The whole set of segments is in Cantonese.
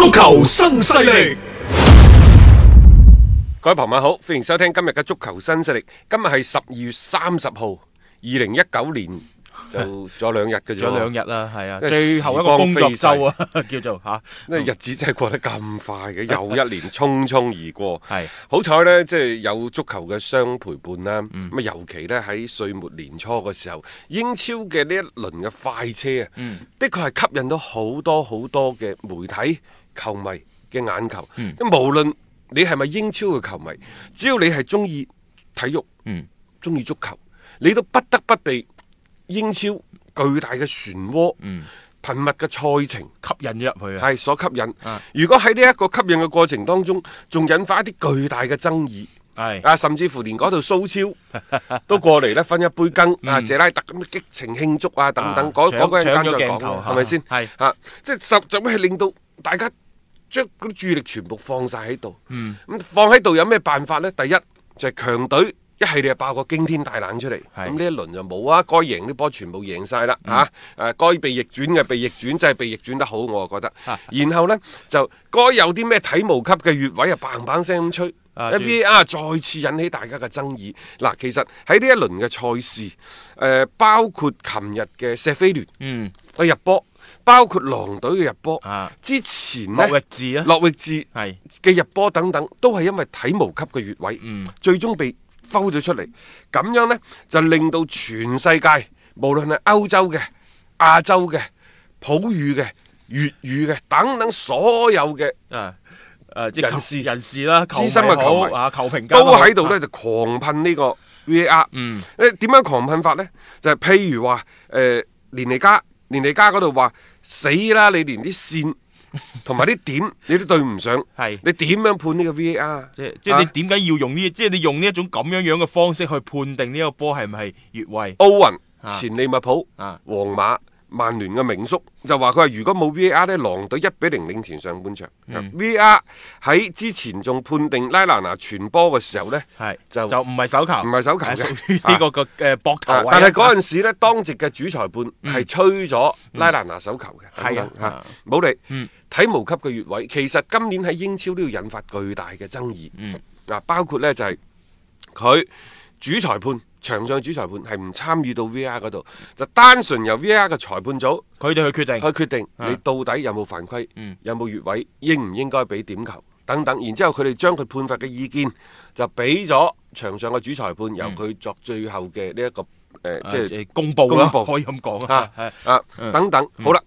足球新勢力，各位朋友好，歡迎收聽今日嘅足球新勢力。今日係十二月三十號，二零一九年就仲有兩日嘅，仲 有兩日啦，係啊，啊最後一個工作周啊，叫做吓。呢、啊嗯、日子真係過得咁快嘅，又一年匆匆而過。係 是好彩呢，即係有足球嘅相陪伴啦。咁、嗯、尤其呢，喺歲末年初嘅時候，英超嘅呢一輪嘅快車啊，嗯、的確係吸引到好多好多嘅媒體。球迷嘅眼球，即無論你係咪英超嘅球迷，只要你係中意體育，中意、嗯、足球，你都不得不被英超巨大嘅漩渦、頻密嘅賽程吸引咗入去係所吸引。啊、如果喺呢一個吸引嘅過程當中，仲引發一啲巨大嘅爭議，係是的 啊，甚至乎連嗰度蘇超都過嚟咧分一杯羹啊、嗯、啊！謝拉特咁嘅激情慶祝啊，等等，嗰嗰嗰陣間就講係咪先？係啊，即係十，就係令到大家，將啲注意力全部放晒喺度，咁放喺度有咩辦法呢？第一就係強隊一系列爆個驚天大冷出嚟，咁呢一輪就冇啊，該贏啲波全部贏晒啦，吓誒，該被逆轉嘅被逆轉，真係被逆轉得好，我啊覺得。然後呢，就該有啲咩體毛級嘅越位啊，棒棒聲咁吹。VAR 啊，再次引起大家嘅爭議。嗱，其實喺呢一輪嘅賽事，誒，包括琴日嘅石飛聯，入波。包括狼隊嘅入波，之前呢，諾域治啊，諾域治係嘅入波等等，都係因為體毛級嘅越位，最終被揪咗出嚟。咁樣呢，就令到全世界，無論係歐洲嘅、亞洲嘅、普語嘅、粵語嘅等等所有嘅誒誒人士人士啦，資深嘅球迷啊，球評家都喺度咧就狂噴呢個 VAR。嗯，誒點樣狂噴法咧？就係譬如話誒連尼加。連你家嗰度話死啦！你連啲線同埋啲點 你都對唔上，係 是你點樣判呢個 V A R？即係即係你點解要用呢？啊、即係你用呢一種咁樣樣嘅方式去判定呢個波係唔係越位？奧雲、啊、前利物浦、皇、啊啊、馬。曼聯嘅名宿就話佢話，如果冇 VAR 呢，狼隊一比零領前上半場。VAR 喺之前仲判定拉蘭拿傳波嘅時候咧，就就唔係手球，唔係手球，係屬於呢、這個嘅嘅膊頭。但係嗰陣時呢，嗯、當值嘅主裁判係吹咗拉蘭拿手球嘅，係吓冇力。睇、嗯啊啊啊、無級嘅越位，其實今年喺英超都要引發巨大嘅爭議。嗱、嗯，包括呢就係佢。主裁判，場上主裁判係唔參與到 V R 嗰度，就單純由 V R 嘅裁判組佢哋去決定，去決定你到底有冇犯規，嗯、有冇越位，應唔應該俾點球等等。然之後佢哋將佢判罰嘅意見就俾咗場上嘅主裁判，由佢作最後嘅呢一個誒、呃，即係公佈啦，公佈可以咁講啊啊、嗯、等等。好啦，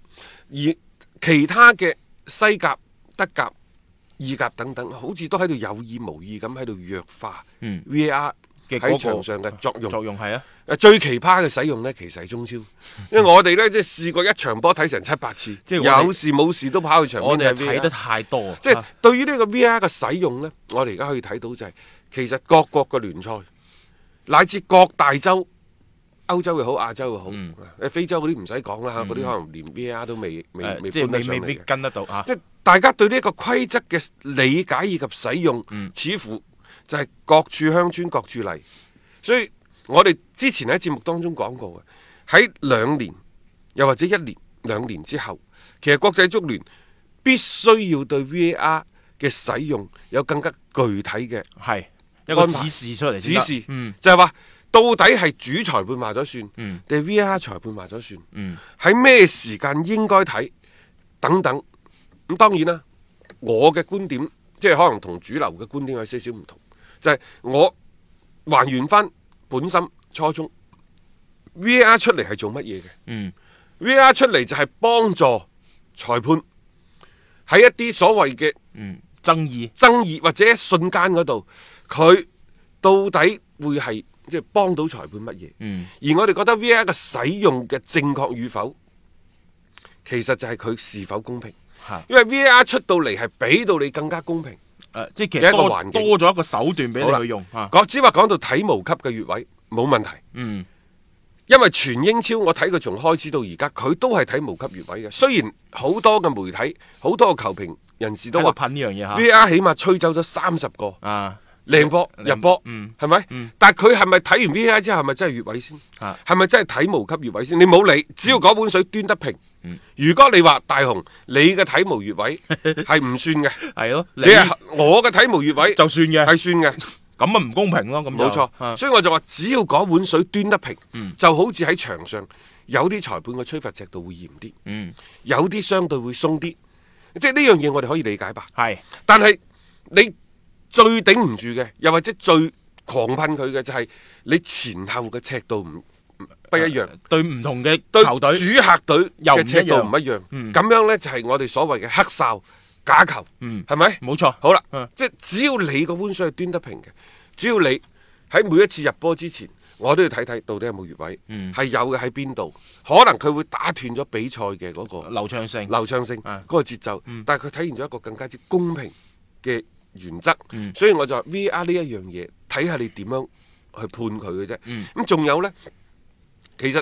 而其他嘅西甲、德甲、意甲等等，好似都喺度有意無意咁喺度弱化 V R。嗯 VR 喺場上嘅作用，作用係啊！最奇葩嘅使用呢，其實係中超，因為我哋呢，即係 試過一場波睇成七八次，即係有事冇事都跑去場邊 VAR，我哋睇得太多，即係對於呢個 VAR 嘅使用呢，我哋而家可以睇到就係、是、其實各國嘅聯賽，乃至各大洲，歐洲又好，亞洲又好，嗯、非洲嗰啲唔使講啦嚇，嗰啲、嗯、可能連 VAR 都未未、呃、未，得未必跟得到啊！即係大家對呢個規則嘅理解以及使用，嗯、似乎。就係各處鄉村各處例，所以我哋之前喺節目當中講過嘅，喺兩年又或者一年、兩年之後，其實國際足聯必須要對 VAR 嘅使用有更加具體嘅係一個指示出嚟，指示，嗯、就係話到底係主裁判話咗算，定 VAR 裁判話咗算，喺咩、嗯、時間應該睇等等。咁當然啦，我嘅觀點即係、就是、可能同主流嘅觀點有少少唔同。就係我還原翻本身初衷，VAR 出嚟係做乜嘢嘅？嗯，VAR 出嚟就係幫助裁判喺一啲所謂嘅、嗯、爭議、爭議或者一瞬間嗰度，佢到底會係即係幫到裁判乜嘢？嗯，而我哋覺得 VAR 嘅使用嘅正確與否，其實就係佢是否公平。哈因為 VAR 出到嚟係俾到你更加公平。誒，即係其實多多咗一個手段俾你去用，只話講到體毛級嘅越位，冇問題。嗯，因為全英超我睇佢從開始到而家，佢都係體毛級越位嘅。雖然好多嘅媒體、好多嘅球評人士都話呢樣嘢 VAR 起碼吹走咗三十個啊，靚波入波，嗯，係咪？但係佢係咪睇完 VAR 之後，係咪真係越位先？係咪真係體毛級越位先？你冇理，只要嗰碗水端得平。嗯、如果你話大雄，你嘅體毛越位係唔算嘅，係咯 的？你我嘅體毛越位就算嘅，係算嘅，咁啊唔公平咯，咁樣錯。冇錯的，所以我就話，只要嗰碗水端得平，嗯、就好似喺場上有啲裁判嘅吹罰尺度會嚴啲，嗯，有啲相對會鬆啲，即係呢樣嘢我哋可以理解吧？係是。但係你最頂唔住嘅，又或者最狂噴佢嘅，就係你前後嘅尺度唔。不一樣，對唔同嘅球隊、主客隊又尺度唔一樣。咁樣呢，就係我哋所謂嘅黑哨假球，係咪？冇錯。好啦，即係只要你個碗水係端得平嘅，只要你喺每一次入波之前，我都要睇睇到底有冇越位，係有嘅喺邊度，可能佢會打斷咗比賽嘅嗰個流暢性、流暢性、嗰個節奏。但係佢體現咗一個更加之公平嘅原則。所以我就話 VAR 呢一樣嘢，睇下你點樣去判佢嘅啫。咁仲有呢。其實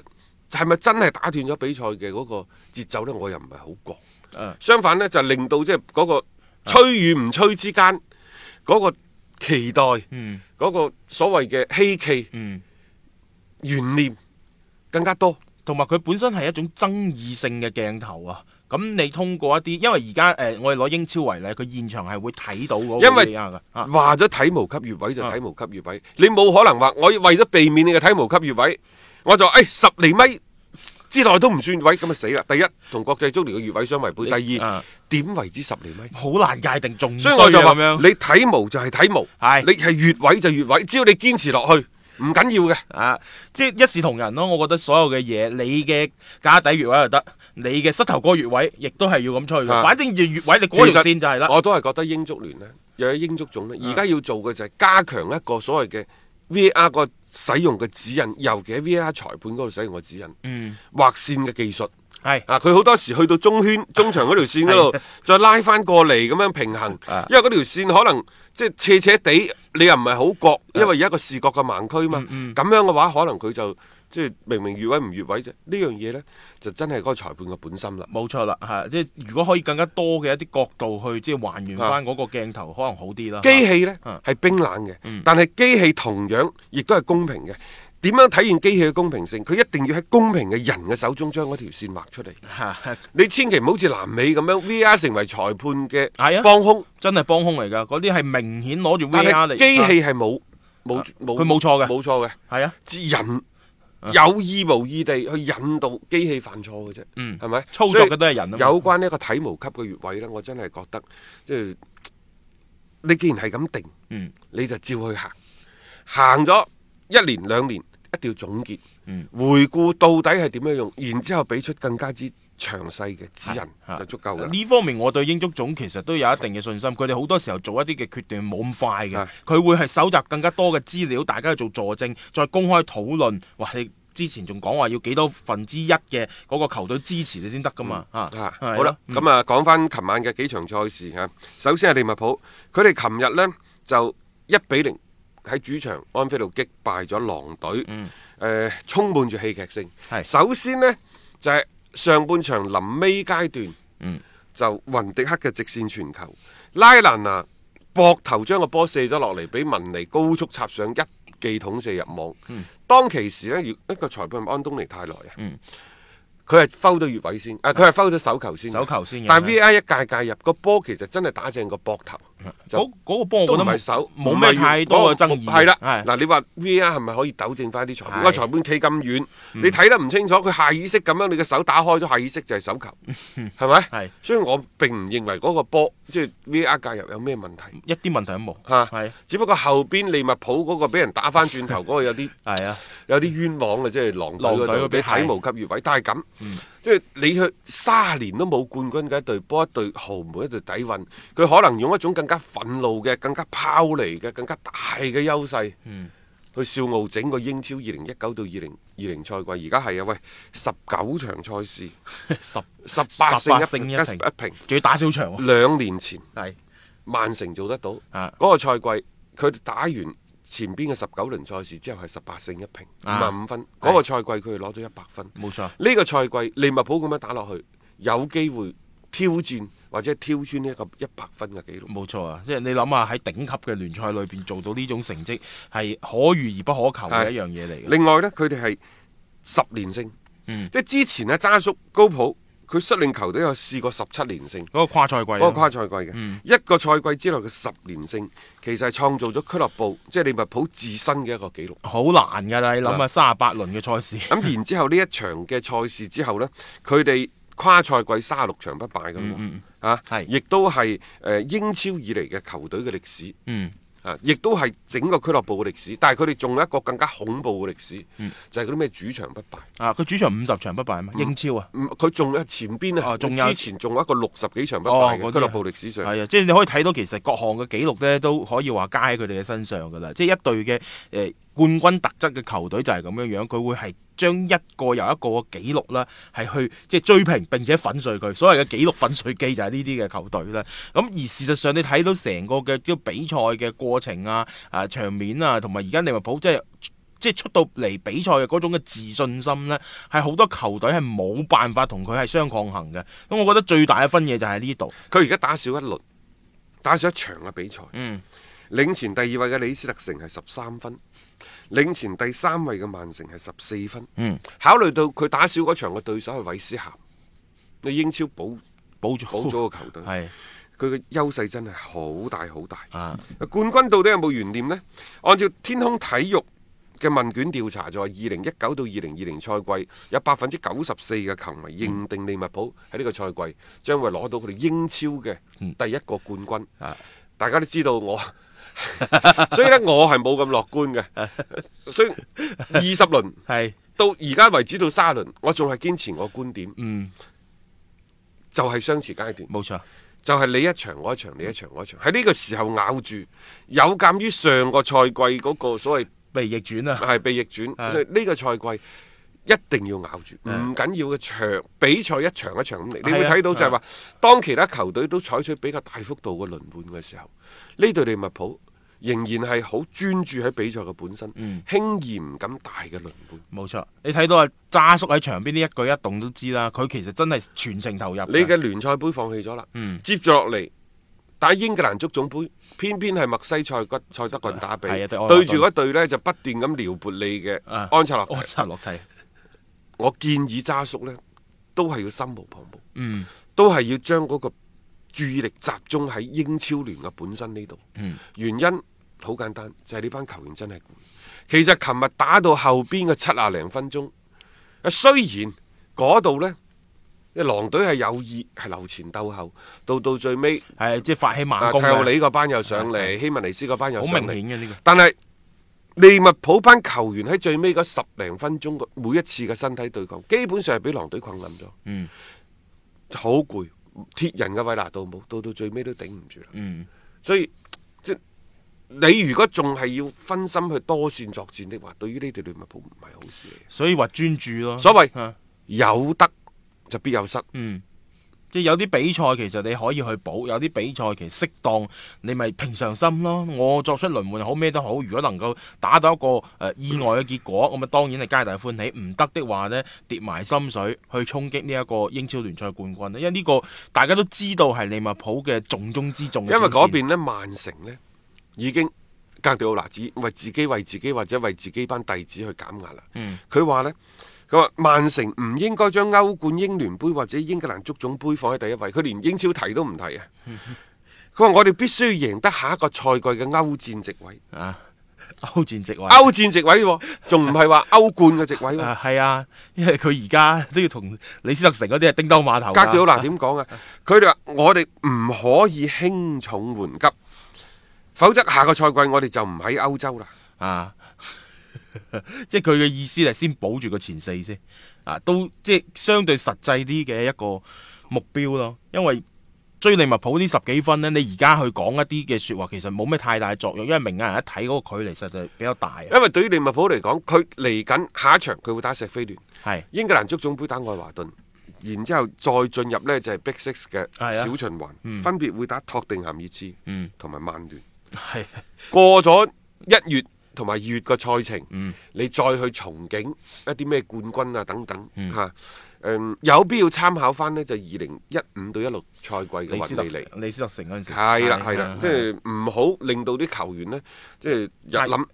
係咪真係打斷咗比賽嘅嗰個節奏呢？我又唔係好覺。嗯、相反呢，就是、令到即係嗰個吹與唔吹之間嗰、嗯、個期待，嗰、嗯、個所謂嘅希冀、懸、嗯、念更加多。同埋佢本身係一種爭議性嘅鏡頭啊！咁你通過一啲，因為而家誒，我哋攞英超為例，佢現場係會睇到因為話咗體毛級越位就體毛級越位，你冇可能話我為咗避免你嘅體毛級越位。我就誒十釐米之內都唔算位，咁咪死啦！第一同國際足聯嘅越位相違背，第二點為之十釐米，好難界定。所以我就話，你睇毛就係睇毛，係你係越位就越位，只要你堅持落去，唔緊要嘅啊，即係一視同仁咯。我覺得所有嘅嘢，你嘅家底越位又得，你嘅膝頭哥越位亦都係要咁吹，反正越越位你過條線就係啦。我都係覺得英足聯咧，又有英足總咧，而家要做嘅就係加強一個所謂嘅 VR 個使用嘅指引，尤其喺 VAR 裁判嗰度使用嘅指引，畫、嗯、線嘅技術，係是啊，佢好多時去到中圈、中場嗰條線嗰度， 是再拉翻過嚟，咁樣平衡， 因為嗰條線可能即係斜斜地，你又唔係好覺，因為而家個視覺嘅盲區嘛，咁、嗯嗯、樣嘅話可能佢就。即係明明越位唔越位啫，呢樣嘢呢，就真係嗰個裁判嘅本心啦。冇錯啦，係即係如果可以更加多嘅一啲角度去即係還原翻嗰個鏡頭，可能好啲啦。機器呢，係冰冷嘅，但係機器同樣亦都係公平嘅。點樣體現機器嘅公平性？佢一定要喺公平嘅人嘅手中將嗰條線畫出嚟。你千祈唔好似南美咁樣，VAR 成為裁判嘅幫兇，真係幫兇嚟㗎。嗰啲係明顯攞住 VAR 嚟。機器係冇冇佢冇錯嘅，冇錯嘅。係啊，人。有意無意地去引導機器犯錯嘅啫，係咪、嗯、吧，操作嘅都係人。有關呢一個體毛級嘅越位呢，我真係覺得，即、就、係、是、你既然係咁定，嗯、你就照去行，行咗一年兩年，一定要總結，嗯、回顧到底係點樣用，然之後俾出更加之。詳細嘅指引就足夠啦。呢方面我對英足總其實都有一定嘅信心，佢哋好多時候做一啲嘅決斷冇咁快嘅，佢會係搜集更加多嘅資料，大家去做助證，再公開討論。話你之前仲講話要幾多分之一嘅嗰個球隊支持你先得噶嘛？嚇，好啦，咁啊講翻琴晚嘅幾場賽事嚇，首先係利物浦，佢哋琴日呢就一比零喺主場安菲路擊敗咗狼隊，誒充滿住戲劇性。首先呢，就係。上半場臨尾階段，嗯、就雲迪克嘅直線傳球，拉蘭啊膊頭將個波射咗落嚟，俾文尼高速插上一記捅射入網。嗯、當其時呢，一個裁判係安東尼泰萊啊，佢係封到越位先，啊佢係封咗手球先，手球先但 VAR 一介介入個波，其實真係打正個膊頭。嗰個波我覺得唔係手，冇咩太多嘅爭議。係啦，嗱、啊、你話 VAR 係咪可以糾正翻啲裁判？的個裁判企咁遠，嗯、你睇得唔清楚，佢下意識咁樣，你嘅手打開咗，下意識就係手球，係咪？的所以我並唔認為嗰個波即係 VAR 介入有咩問題，一啲問題都冇係。啊、的只不過後邊利物浦嗰個俾人打翻轉頭嗰個有啲的有啲冤枉嘅，即係狼隊嗰隊俾體毛、那、級、個、越位。的但係咁，嗯、即係你去三年都冇冠軍一一一，一隊波一隊豪門一隊底蘊，佢可能用一種更更加憤怒嘅，更加拋離嘅，更加大嘅優勢，去笑傲整個英超二零一九到二零二零賽季，而家係有喂，十九場賽事，十十八勝一平一平，仲要打少場喎。兩年前係曼城做得到，嗰個賽季佢打完前邊嘅十九輪賽事之後係十八勝一平五十五分，嗰個賽季佢係攞咗一百分。冇錯，呢個賽季利物浦咁樣打落去，有機會挑戰。或者挑穿一個一百分嘅紀錄，冇錯啊！即係你諗下喺頂級嘅聯賽裏邊做到呢種成績，係可遇而不可求嘅一樣嘢嚟嘅。另外呢，佢哋係十連勝，嗯、即係之前呢、啊，渣叔高普佢率領球隊有試過十七連勝，嗰個跨賽季，嗰個跨賽季嘅，嗯、一個賽季之內嘅十連勝，其實係創造咗俱樂部，即、就、係、是、利物浦自身嘅一個紀錄，好難㗎啦！你諗下三十八輪嘅賽事，咁 然之後呢一場嘅賽事之後呢，佢哋跨賽季三十六場不敗咁。嗯嗯。啊，係是，亦都係誒、呃、英超以嚟嘅球隊嘅歷史，嗯，啊，亦都係整個俱樂部嘅歷史，但係佢哋仲有一個更加恐怖嘅歷史，嗯、就係嗰啲咩主場不敗，啊，佢主場五十場不敗咩？英超啊？佢仲有前邊啊，仲有之前仲有一個六十幾場不敗嘅、哦、俱樂部歷史上，係啊，即、就、係、是、你可以睇到其實各項嘅紀錄咧都可以話加喺佢哋嘅身上㗎啦，即、就、係、是、一隊嘅誒冠軍特質嘅球隊就係咁樣樣，佢會係。將一個又一個嘅紀錄呢，係去即係追平並且粉碎佢。所謂嘅紀錄粉碎機就係呢啲嘅球隊啦。咁而事實上你睇到成個嘅比賽嘅過程啊、啊場面啊，同埋而家利物浦、就係、即係即係出到嚟比賽嘅嗰種嘅自信心呢，係好多球隊係冇辦法同佢係相抗衡嘅。咁我覺得最大嘅分野就喺呢度。佢而家打少一輪，打少一場嘅比賽。嗯，領前第二位嘅李斯特城係十三分。領前第三位嘅曼城係十四分，嗯，考慮到佢打少嗰場嘅對手係韋斯咸，你英超保保咗個球隊，係佢嘅優勢真係好大好大，啊，冠軍到底有冇懸念呢？按照天空體育嘅問卷調查就話，二零一九到二零二零賽季有百分之九十四嘅球迷認定利物浦喺呢個賽季將會攞到佢哋英超嘅第一個冠軍。嗯啊，大家都知道我。 所以咧，我係冇咁樂觀嘅。所以二十輪係到而家為止到三輪，我仲係堅持我觀點。嗯，就係相似階段，冇錯錯。就係你一場我一場，你一場、嗯、我一場，喺呢個時候咬住。有鑒於上個賽季嗰個所謂被逆轉啦、啊，係被逆轉。呢、啊、個賽季一定要咬住，唔緊、啊、要嘅場比賽一場一場咁嚟。你會睇到就係話，啊啊、當其他球隊都採取比較大幅度嘅輪換嘅時候，呢隊利物浦。仍然係好專注喺比賽嘅本身，輕、嗯、而唔敢大嘅輪盤。冇錯，你睇到啊，揸叔喺場邊呢一舉一動都知啦，佢其實真係全程投入。你嘅聯賽盃放棄咗啦，嗯、接住落嚟打英格蘭足總盃，偏偏係墨西塞骨、塞德郡打比，嗯、對住嗰隊呢，就不斷咁撩撥你嘅安察洛。安察洛，蒂。體嗯、我建議揸叔呢，都係要心無旁騖，嗯、都係要將嗰、嗰個。注意力集中喺英超聯嘅本身呢度，原因好簡單，就係、是、呢班球員真係攰。其實琴日打到後邊嘅七啊零分鐘，啊雖然嗰度咧，狼隊係有意係留前鬥後，到到最尾即係發起猛攻。啊，泰奧李嗰班又上嚟，的希文尼斯嗰班又好明顯，但係利物浦班球員喺最尾嗰十零分鐘，每一次嘅身體對抗，基本上係俾狼隊困冧咗。嗯，好攰。鐵人嘅衛拿度冇到到最尾都頂唔住啦，嗯、所以即係你如果仲係要分心去多線作戰的話，對於呢隊利物浦唔係好事嚟。所以話專注咯，所謂謂是有得就必有失。嗯。即有啲比賽其實你可以去補，有啲比賽其實適當你咪平常心咯。我作出輪換好咩都好，如果能夠打到一個誒、呃、意外嘅結果，咁啊當然係皆大歡喜。唔得的話呢，跌埋心水去衝擊呢一個英超聯賽冠軍咧，因為呢個大家都知道係利物浦嘅重中之重。因為嗰邊呢曼城呢已經隔掉嗱，自為自己為自己或者為自己班弟子去減壓啦。佢話、嗯、呢。佢話曼城唔應該將歐冠、英聯杯或者英格蘭足總杯放喺第一位，佢連英超提都唔提啊！佢話我哋必須要贏得下一個賽季嘅歐戰席位啊！歐戰席位，歐戰席位，仲唔係話歐冠嘅席位？係啊，因為佢而家都要同李斯特城嗰啲啊叮噹馬頭。隔咗難點講啊？佢哋話我哋唔可以輕重緩急，否則下個賽季我哋就唔喺歐洲啦啊！ 即係佢嘅意思係先保住個前四先，啊，都即係相對實際啲嘅一個目標咯。因為追利物浦呢十幾分呢，你而家去講一啲嘅說話，其實冇咩太大作用。因為明眼人一睇嗰、嗰個距離，實在比較大。因為對於利物浦嚟講，佢嚟緊下一場佢會打石飛聯，係是英格蘭足總杯打愛華頓，然之後再進入呢，就係、是、Big Six 嘅小循環，啊啊嗯、分別會打托定咸熱刺，同埋曼聯。係、啊啊啊啊啊啊、過咗一月。同埋二月個賽程，嗯、你再去憧憬一啲咩冠軍啊等等嚇，誒、嗯嗯、有必要參考翻呢？就二零一五到一六賽季嘅運氣嚟，李斯特城嗰陣時係啦係啦，即係唔好令到啲球員呢，即係又諗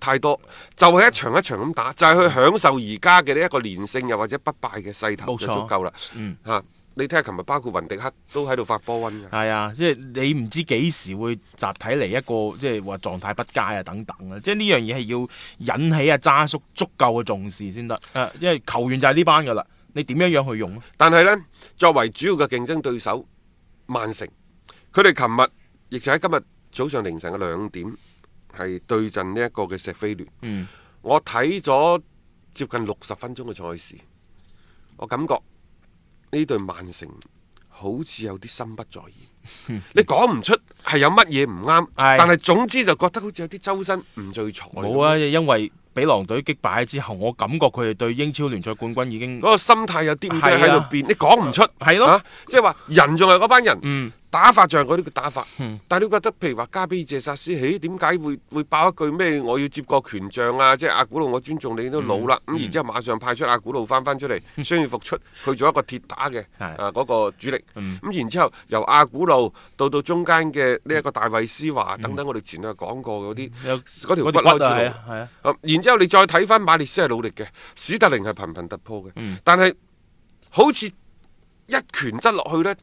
太多，就係、是、一場一場咁打，就係、是、去享受而家嘅呢一個連勝又或者不敗嘅勢頭就足夠啦，嚇。嗯嗯。你睇下，琴日包括雲迪克都喺度發波瘟嘅。係啊，即係你唔知幾時會集體嚟一個，即係話狀態不佳啊等等啊。即係呢樣嘢係要引起啊揸叔足夠嘅重視先得。啊，因為球員就係呢班噶啦，你點樣樣去用？但係呢，作為主要嘅競爭對手，曼城佢哋琴日亦就喺今日早上凌晨嘅兩點係對陣呢一個嘅石飛聯。嗯，我睇咗接近六十分鐘嘅賽事，我感覺。呢對曼城好似有啲心不在焉， 你講唔出係有乜嘢唔啱，但係總之就覺得好似有啲周身唔聚財。冇啊，因為俾狼隊擊敗之後，我感覺佢哋對英超聯賽冠軍已經嗰個心態有啲喺度變，啊、你講唔出係咯、啊啊，即係話人仲係嗰班人。嗯打法像嗰啲嘅打法，但係你覺得譬如話加比謝殺斯，誒點解會會爆一句咩？我要接過權杖啊！即係阿古路，我尊重你都老啦，咁然之後馬上派出阿古路翻翻出嚟，重新復出，去做一個鐵打嘅啊嗰個主力，咁然之後由阿古路到到中間嘅呢一個大衛斯華等等，我哋前去講過嗰啲嗰條骨啊，係然之後你再睇翻馬列斯係努力嘅，史特靈係頻頻突破嘅，但係好似一拳執落去呢。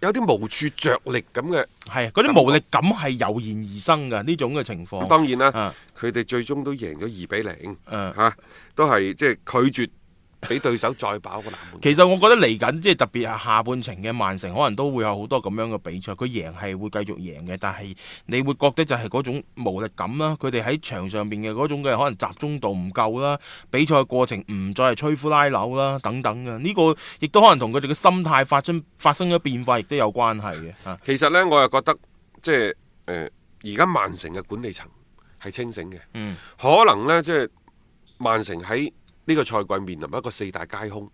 有啲無處着力咁嘅，係啊，嗰啲無力感係油然而生嘅呢種嘅情況。咁、嗯、當然啦，佢哋、啊、最終都贏咗二比零，啊，嚇、啊，都係即係拒絕。俾對手再保個藍。其實我覺得嚟緊，即係特別係下半程嘅曼城，可能都會有好多咁樣嘅比賽。佢贏係會繼續贏嘅，但係你會覺得就係嗰種無力感啦。佢哋喺場上邊嘅嗰種嘅可能集中度唔夠啦，比賽嘅過程唔再係摧枯拉朽啦等等嘅。呢個亦都可能同佢哋嘅心態發生發生咗變化，亦都有關係嘅、啊、其實呢，我又覺得即係而家曼城嘅管理層係清醒嘅。嗯、可能呢，即係曼城喺。呢個賽季面臨一個四大皆空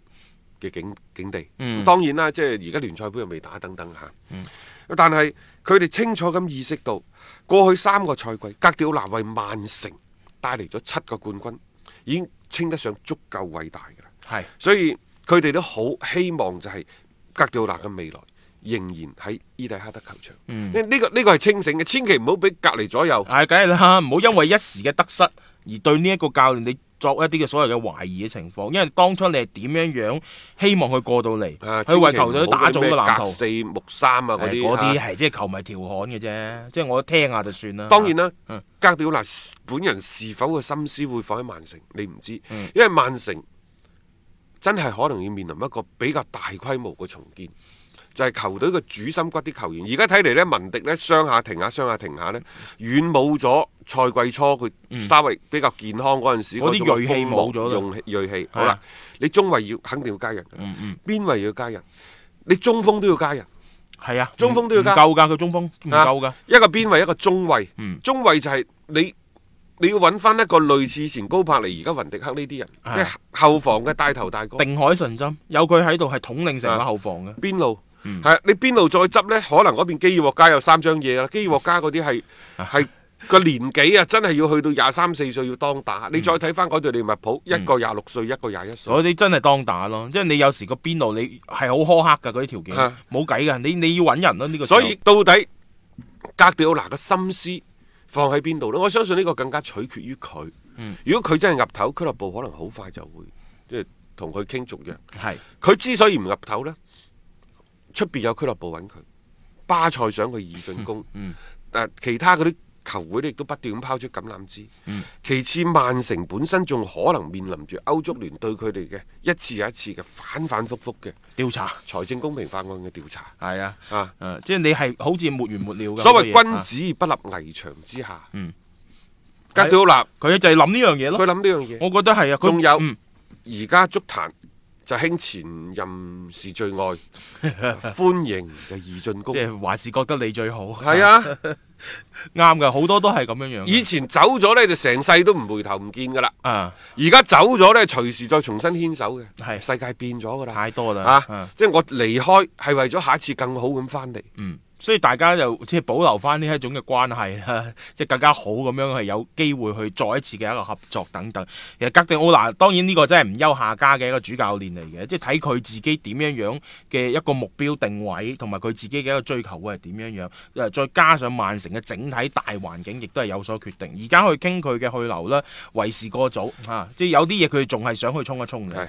嘅境境地，咁、嗯、當然啦，即係而家聯賽杯又未打，等等吓。嗯、但係佢哋清楚咁意識到，過去三個賽季格調拿為曼城帶嚟咗七個冠軍，已經稱得上足夠偉大噶啦。係是，所以佢哋都好希望就係格調拿嘅未來仍然喺伊蒂哈德球場。呢、嗯，這個呢、這個係清醒嘅，千祈唔好俾隔籬左右。係，梗係啦，唔好因為一時嘅得失而對呢一個教練你。作一啲嘅所謂嘅懷疑嘅情況，因為當初你係點樣樣希望佢過到嚟，佢、啊、為球隊打造個藍圖，四目三啊，嗰啲係即係球迷調侃嘅啫，即係、啊、我聽下就算啦。當然啦、啊，啊、哥迪奧拿本人是否嘅心思會放喺曼城，你唔知，嗯、因為曼城真係可能要面臨一個比較大規模嘅重建，就係、是、球隊嘅主心骨啲球員，而家睇嚟呢，文迪呢，傷下停下，傷下停下呢，遠冇咗。賽季初佢稍微比較健康嗰陣時，嗰啲鋭氣冇咗啦。用鋭氣好啦，你中衛要肯定要加人，邊衛要加人，你中鋒都要加人，係啊，中鋒都要加夠㗎。佢中鋒唔夠㗎，一個邊衛一個中衛，中衛就係你你要揾翻一個類似前高柏尼、而家雲迪克呢啲人，即係後防嘅帶頭大哥，定海神針，有佢喺度係統領成個後防嘅。邊路係啊，你邊路再執呢，可能嗰邊基爾獲加有三張嘢啦。基爾獲加嗰啲係係。個年紀啊，真係要去到廿三四歲要當打。嗯、你再睇翻嗰對利物浦，一、嗯、個廿六歲，一個廿一歲，嗰啲真係當打咯。因為你有時個邊路你係好苛刻噶，嗰啲條件冇計噶。你你要搵人咯呢、這個時候。所以到底格迪奧娜嘅心思放喺邊度呢？我相信呢個更加取決於佢。嗯、如果佢真係入頭，俱樂部可能好快就會即係同佢傾續約。係是，佢之所以唔入頭呢，出邊有俱樂部搵佢，巴塞想去二進攻，但、嗯、其他嗰啲。球會亦都不斷咁拋出橄欖枝。其次，曼城本身仲可能面臨住歐足聯對佢哋嘅一次又一次嘅反反覆覆嘅調查，財政公平法案嘅調查。係啊，啊，即係你係好似沒完沒了嘅，所謂君子不立危牆之下。嗯，格調立，佢就係諗呢樣嘢咯。佢諗呢樣嘢，我覺得係啊。仲有，而家足壇就興前任是最愛，歡迎就易進攻，即係還是覺得你最好。係啊。啱噶，好多都係咁樣樣。以前走咗呢，就成世都唔回頭唔見噶啦。而家、啊、走咗呢，隨時再重新牽手嘅。係，世界變咗噶啦，太多啦啊！啊即係我離開係為咗下一次更好咁翻嚟。嗯。所以大家又即係保留翻呢一種嘅關係，即係更加好咁樣，係有機會去再一次嘅一個合作等等。其實哥迪奧拿當然呢個真係唔憂下家嘅一個主教練嚟嘅，即係睇佢自己點樣樣嘅一個目標定位，同埋佢自己嘅一個追求會係點樣樣。誒，再加上曼城嘅整體大環境亦都係有所決定。而家去傾佢嘅去留啦，為時過早嚇、啊。即係有啲嘢佢仲係想去衝一衝嘅。